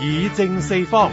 議政四方。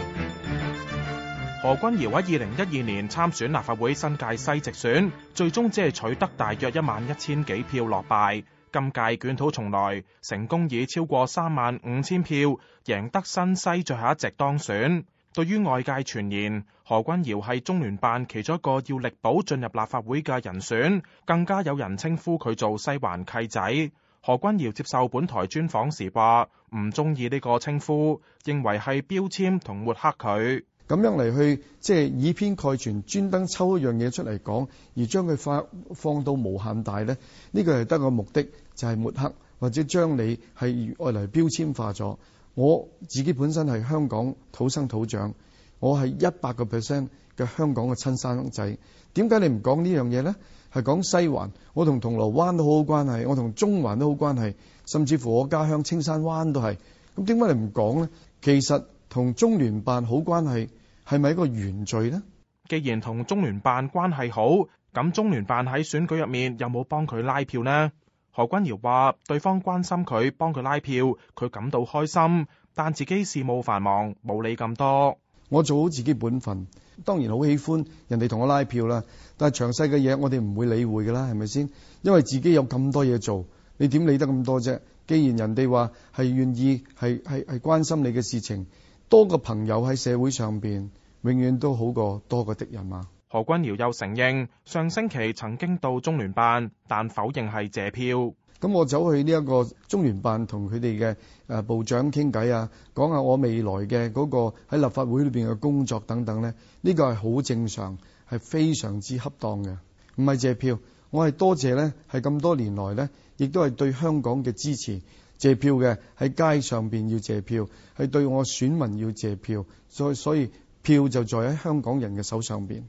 何君堯喺二零一二年參選立法會新界西直選，最終只係取得大約一萬一千幾票落敗。今屆捲土重來，成功以超過三萬五千票，贏得新西最後一席當選。對於外界傳言，何君堯係中聯辦其中一個要力保進入立法會嘅人選，更加有人稱呼佢做西環契仔。何君堯接受本台專訪時話：唔中意呢個稱呼，認為係標籤同抹黑佢。咁樣嚟，去即係、就是、以偏概全，專登抽一樣嘢出嚟講，而將佢發放到無限大咧，呢個係得個目的就係、是、抹黑，或者將你係外嚟標籤化咗。我自己本身係香港土生土長。我係一百個 percent 嘅香港嘅親生仔，點解你唔講呢樣嘢呢？係講西環，我同銅鑼灣都好好關係，我同中環都好關係，甚至乎我家鄉青山灣都係。咁點解你唔講呢？其實同中聯辦好關係係咪一個原罪呢？既然同中聯辦關係好，咁中聯辦喺選舉入面有冇幫佢拉票呢？何君彌話：對方關心佢，幫佢拉票，佢感到開心，但自己事務繁忙，冇理咁多。我做好自己本分，當然好喜歡人哋同我拉票啦。但係詳細嘅嘢，我哋唔會理會㗎喇，係咪先？因為自己有咁多嘢做，你點理得咁多啫？既然人哋話係願意，係係係關心你嘅事情，多個朋友喺社會上面，永遠都好過多個敵人嘛。何君堯又承認上星期曾經到中聯辦，但否認係謝票。咁我走去呢一個中聯辦同佢哋嘅誒部長傾偈啊，講下我未來嘅嗰個喺立法會裏邊嘅工作等等呢呢、這個係好正常，係非常之恰當嘅，唔係謝票。我係多謝呢，係咁多年來呢，亦都係對香港嘅支持。謝票嘅喺街上邊要謝票，係對我選民要謝票，所以所以票就在喺香港人嘅手上邊。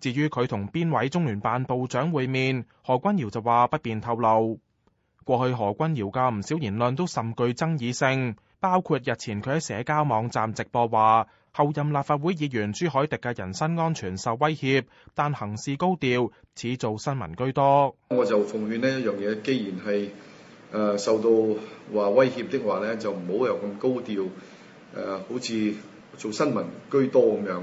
至於佢同邊位中聯辦部長會面，何君堯就話不便透露。過去何君堯嘅唔少言論都甚具爭議性，包括日前佢喺社交網站直播話，後任立法會議員朱凱廸嘅人身安全受威脅，但行事高調，似做新聞居多。我就奉勸呢一樣嘢，既然係誒受到話威脅的話咧，就唔好有咁高調誒，好似做新聞居多咁樣。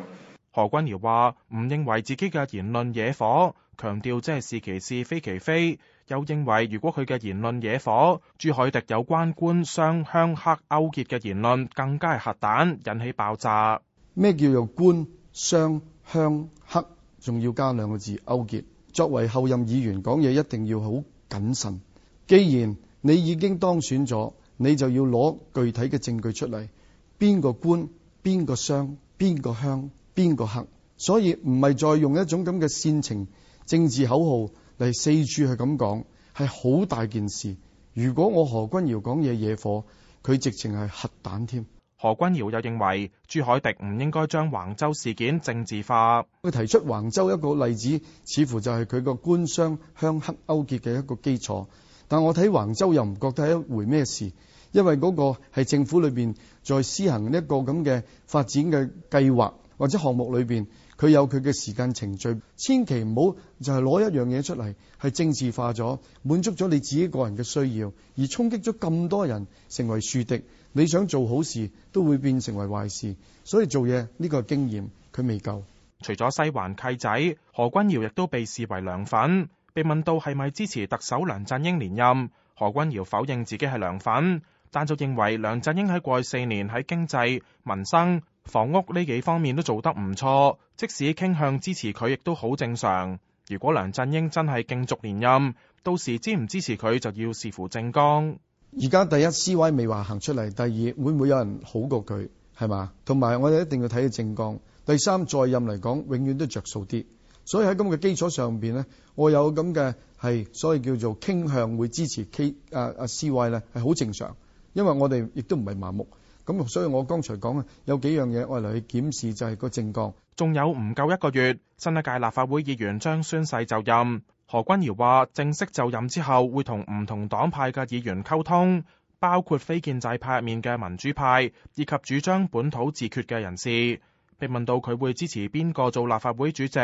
何君堯話唔認為自己嘅言論惹火，強調即係是，是其是非其非。又認為如果佢嘅言論惹火，朱凱廸有關官商鄉黑勾結嘅言論更加係核彈，引起爆炸。咩叫做官商鄉黑？仲要加兩個字勾結。作為候任議員講嘢，一定要好謹慎。既然你已經當選咗，你就要攞具體嘅證據出嚟，邊個官，邊個商，邊個鄉。邊個黑？所以唔係再用一種咁嘅煽情政治口號嚟，四處去咁講，係好大件事。如果我何君堯講嘢惹火，佢直情係核彈添。何君堯又認為朱凱廸唔應該將橫州事件政治化。佢提出橫州一個例子，似乎就係佢個官商鄉黑勾結嘅一個基礎。但我睇橫州又唔覺得係一回咩事，因為嗰個係政府裏邊在施行一個咁嘅發展嘅計劃。或者項目裏邊，佢有佢嘅時間程序，千祈唔好就係攞一樣嘢出嚟係政治化咗，滿足咗你自己個人嘅需要，而衝擊咗咁多人成為樹敵。你想做好事都會變成為壞事，所以做嘢呢、這個經驗佢未夠。除咗西環契仔，何君堯亦都被視為梁粉。被問到係咪支持特首梁振英連任，何君堯否認自己係梁粉，但就認為梁振英喺過去四年喺經濟民生，房屋呢幾方面都做得唔錯，即使傾向支持佢，亦都好正常。如果梁振英真係競逐連任，到時支唔支持佢就要視乎政綱。而家第一，CY 未話行出嚟；第二，會唔會有人好過佢，係嘛？同埋我哋一定要睇下政綱。第三，在任嚟講，永遠都着數啲。所以喺咁嘅基礎上邊咧，我有咁嘅係，所謂叫做傾向會支持 K 啊啊 CY 咧，係好正常。因為我哋亦都唔係盲目。咁所以我剛才講啊，有幾樣嘢我嚟，去檢視就係個正確。仲有唔夠一個月，新一屆立法會議員將宣誓就任。何君堯話，正式就任之後會同唔同黨派嘅議員溝通，包括非建制派入面嘅民主派以及主張本土自決嘅人士。被問到佢會支持邊個做立法會主席，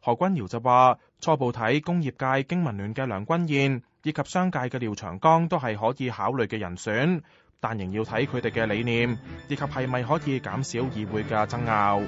何君堯就話初步睇工業界經民聯嘅梁君彥以及商界嘅廖長江都係可以考慮嘅人選，但仍要睇佢哋嘅理念，以及係咪可以減少議會嘅爭拗。